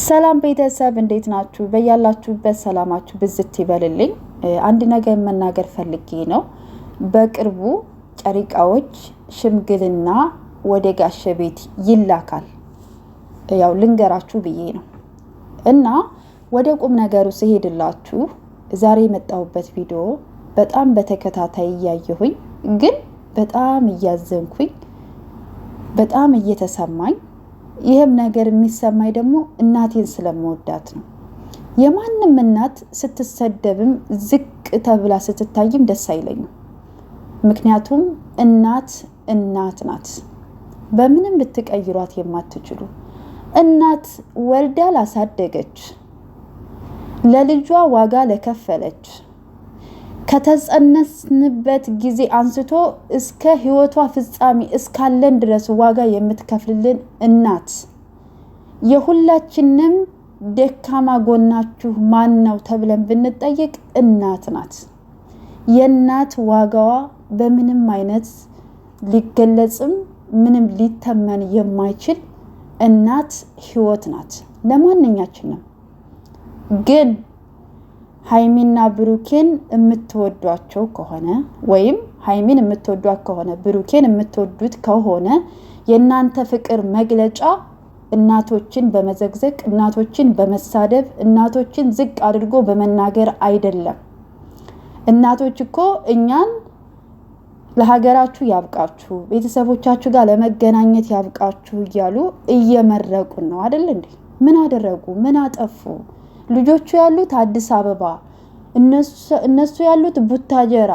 ሰላም ቤተሰብ እንዴት ናችሁ? በያላችሁበት ሰላማችሁ ብዝት ይበልልኝ። አንድ ነገር መናገር ፈልጌ ነው። በቅርቡ ጨሪቃዎች ሽምግልና ወደ ጋሸ ቤት ይላካል። ያው ልንገራችሁ ብዬ ነው እና ወደ ቁም ነገሩ ስሄድላችሁ ዛሬ የመጣሁበት ቪዲዮ በጣም በተከታታይ እያየሁኝ ግን በጣም እያዘንኩኝ በጣም እየተሰማኝ ይህም ነገር የሚሰማኝ ደግሞ እናቴን ስለመወዳት ነው። የማንም እናት ስትሰደብም ዝቅ ተብላ ስትታይም ደስ አይለኝም። ምክንያቱም እናት እናት ናት፣ በምንም ልትቀይሯት የማትችሉ እናት ወልዳ ላሳደገች ለልጇ ዋጋ ለከፈለች ከተጸነስንበት ጊዜ አንስቶ እስከ ህይወቷ ፍጻሜ እስካለን ድረስ ዋጋ የምትከፍልልን እናት የሁላችንም ደካማ ጎናችሁ ማን ነው ተብለን ብንጠየቅ እናት ናት። የእናት ዋጋዋ በምንም አይነት ሊገለጽም ምንም ሊተመን የማይችል እናት ህይወት ናት ለማንኛችንም ግን ሀይሚና ብሩኬን የምትወዷቸው ከሆነ ወይም ሀይሚን የምትወዷት ከሆነ ብሩኬን የምትወዱት ከሆነ የእናንተ ፍቅር መግለጫ እናቶችን በመዘግዘቅ እናቶችን በመሳደብ እናቶችን ዝቅ አድርጎ በመናገር አይደለም። እናቶች እኮ እኛን ለሀገራችሁ ያብቃችሁ፣ ቤተሰቦቻችሁ ጋር ለመገናኘት ያብቃችሁ እያሉ እየመረቁን ነው አደል እንዴ? ምን አደረጉ? ምን አጠፉ? ልጆቹ ያሉት አዲስ አበባ፣ እነሱ ያሉት ቡታጀራ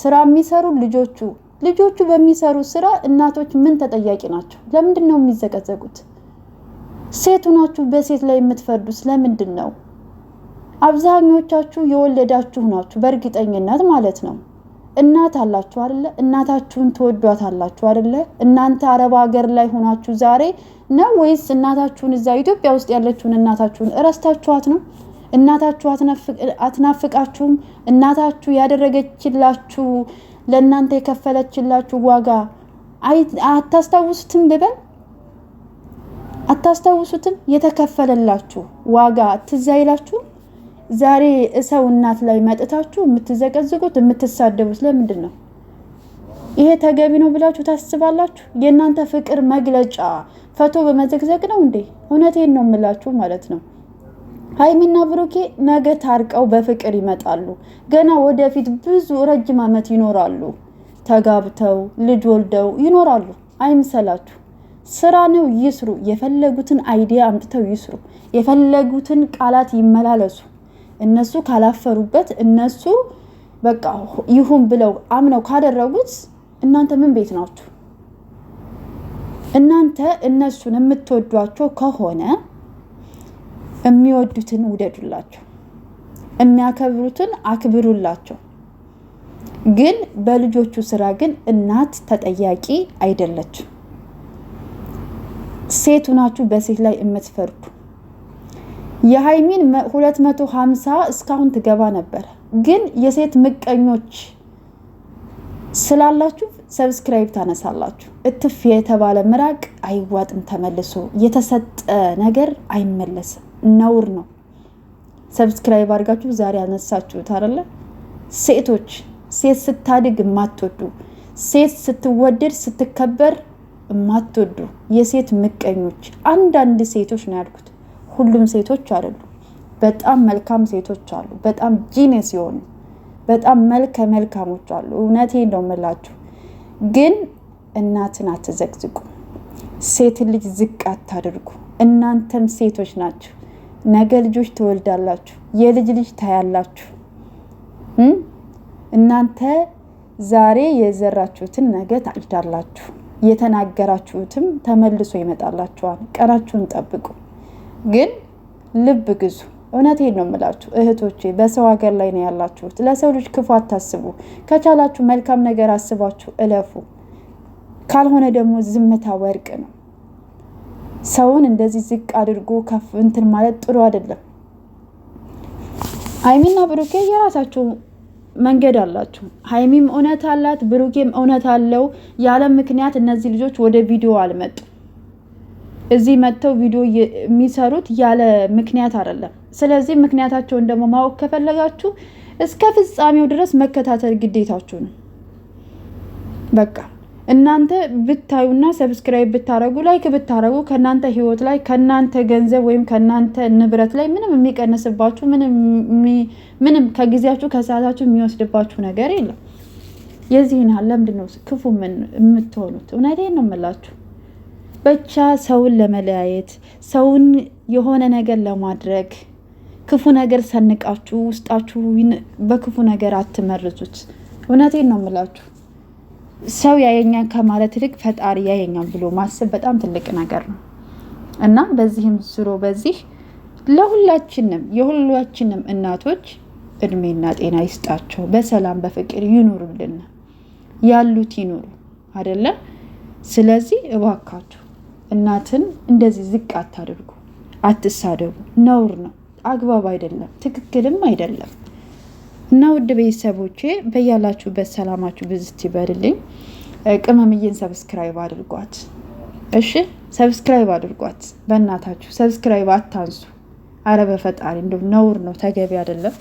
ስራ የሚሰሩ ልጆቹ ልጆቹ በሚሰሩ ስራ እናቶች ምን ተጠያቂ ናቸው? ለምንድን ነው የሚዘቀዘቁት? ሴት ሁናችሁ በሴት ላይ የምትፈርዱት ለምንድን ነው? አብዛኞቻችሁ የወለዳችሁ ናችሁ፣ በእርግጠኝነት ማለት ነው። እናት አላችሁ አይደለ? እናታችሁን ትወዷት አላችሁ አይደለ? እናንተ አረብ ሀገር ላይ ሆናችሁ ዛሬ ነው ወይስ እናታችሁን እዛ ኢትዮጵያ ውስጥ ያለችውን እናታችሁን እረስታችኋት ነው? እናታችሁ አትናፍቃችሁም? እናታችሁ ያደረገችላችሁ ለእናንተ የከፈለችላችሁ ዋጋ አታስታውሱትም ብበል አታስታውሱትም? የተከፈለላችሁ ዋጋ ትዝ አይላችሁም? ዛሬ ሰው እናት ላይ መጥታችሁ የምትዘቀዝቁት የምትሳደቡት ለምንድን ነው? ይሄ ተገቢ ነው ብላችሁ ታስባላችሁ? የእናንተ ፍቅር መግለጫ ፈቶ በመዘግዘግ ነው እንዴ? እውነቴን ነው የምላችሁ ማለት ነው። ሀይሚና ብሩኬ ነገ ታርቀው በፍቅር ይመጣሉ። ገና ወደፊት ብዙ ረጅም ዓመት ይኖራሉ። ተጋብተው ልጅ ወልደው ይኖራሉ። አይምሰላችሁ። ስራ ነው ይስሩ። የፈለጉትን አይዲያ አምጥተው ይስሩ። የፈለጉትን ቃላት ይመላለሱ። እነሱ ካላፈሩበት እነሱ በቃ ይሁን ብለው አምነው ካደረጉት እናንተ ምን ቤት ናችሁ? እናንተ እነሱን የምትወዷቸው ከሆነ የሚወዱትን ውደዱላቸው፣ የሚያከብሩትን አክብሩላቸው። ግን በልጆቹ ስራ ግን እናት ተጠያቂ አይደለችም። ሴት ሁናችሁ በሴት ላይ የምትፈርዱ የሀይሚን 250 እስካሁን ትገባ ነበር፣ ግን የሴት ምቀኞች ስላላችሁ ሰብስክራይብ ታነሳላችሁ። እትፍ የተባለ ምራቅ አይዋጥም ተመልሶ የተሰጠ ነገር አይመለስም፣ ነውር ነው። ሰብስክራይብ አድርጋችሁ ዛሬ ያነሳችሁት አይደለ? ሴቶች ሴት ስታድግ የማትወዱ ሴት ስትወደድ ስትከበር የማትወዱ የሴት ምቀኞች አንዳንድ ሴቶች ነው ያልኩት። ሁሉም ሴቶች አይደሉም። በጣም መልካም ሴቶች አሉ። በጣም ጂኔስ የሆኑ በጣም መልከ መልካሞች አሉ። እውነቴ ነው የምላችሁ። ግን እናትን አትዘግዝቁ፣ ሴትን ልጅ ዝቅ አታድርጉ። እናንተም ሴቶች ናችሁ። ነገ ልጆች ትወልዳላችሁ፣ የልጅ ልጅ ታያላችሁ። እናንተ ዛሬ የዘራችሁትን ነገ ታጭዳላችሁ። የተናገራችሁትም ተመልሶ ይመጣላችኋል። ቀናችሁን ጠብቁ። ግን ልብ ግዙ። እውነቴን ነው የምላችሁ እህቶቼ፣ በሰው ሀገር ላይ ነው ያላችሁት። ለሰው ልጅ ክፉ አታስቡ። ከቻላችሁ መልካም ነገር አስባችሁ እለፉ። ካልሆነ ደግሞ ዝምታ ወርቅ ነው። ሰውን እንደዚህ ዝቅ አድርጎ ከፍ እንትን ማለት ጥሩ አይደለም። ሀይሚና ብሩኬ የራሳችሁ መንገድ አላችሁ። ሀይሚም እውነት አላት፣ ብሩኬም እውነት አለው። ያለ ምክንያት እነዚህ ልጆች ወደ ቪዲዮ አልመጡም። እዚህ መጥተው ቪዲዮ የሚሰሩት ያለ ምክንያት አይደለም። ስለዚህ ምክንያታቸውን ደግሞ ማወቅ ከፈለጋችሁ እስከ ፍጻሜው ድረስ መከታተል ግዴታችሁ ነው። በቃ እናንተ ብታዩና ሰብስክራይብ ብታረጉ ላይክ ብታረጉ ከእናንተ ህይወት ላይ ከእናንተ ገንዘብ ወይም ከእናንተ ንብረት ላይ ምንም የሚቀንስባችሁ ምንም ከጊዜያችሁ ከሰዓታችሁ የሚወስድባችሁ ነገር የለም። የዚህን ያህል ለምንድን ነው ክፉ ምን የምትሆኑት? እውነቴን ነው የምላችሁ። ብቻ ሰውን ለመለያየት ሰውን የሆነ ነገር ለማድረግ ክፉ ነገር ሰንቃችሁ ውስጣችሁ በክፉ ነገር አትመርዙት። እውነቴን ነው የምላችሁ። ሰው ያየኛል ከማለት ይልቅ ፈጣሪ ያየኛል ብሎ ማሰብ በጣም ትልቅ ነገር ነው እና በዚህም ዙሮ በዚህ ለሁላችንም የሁላችንም እናቶች እድሜና ጤና ይስጣቸው፣ በሰላም በፍቅር ይኑሩልን፣ ያሉት ይኑሩ አይደለም። ስለዚህ እባካችሁ እናትን እንደዚህ ዝቅ አታድርጉ፣ አትሳደቡ። ነውር ነው፣ አግባብ አይደለም፣ ትክክልም አይደለም። እና ውድ ቤተሰቦቼ በያላችሁበት ሰላማችሁ ብዝት ይበልልኝ። ቅመምዬን ሰብስክራይብ አድርጓት፣ እሺ ሰብስክራይብ አድርጓት። በእናታችሁ ሰብስክራይብ አታንሱ። አረ በፈጣሪ እንደው ነውር ነው፣ ተገቢ አይደለም።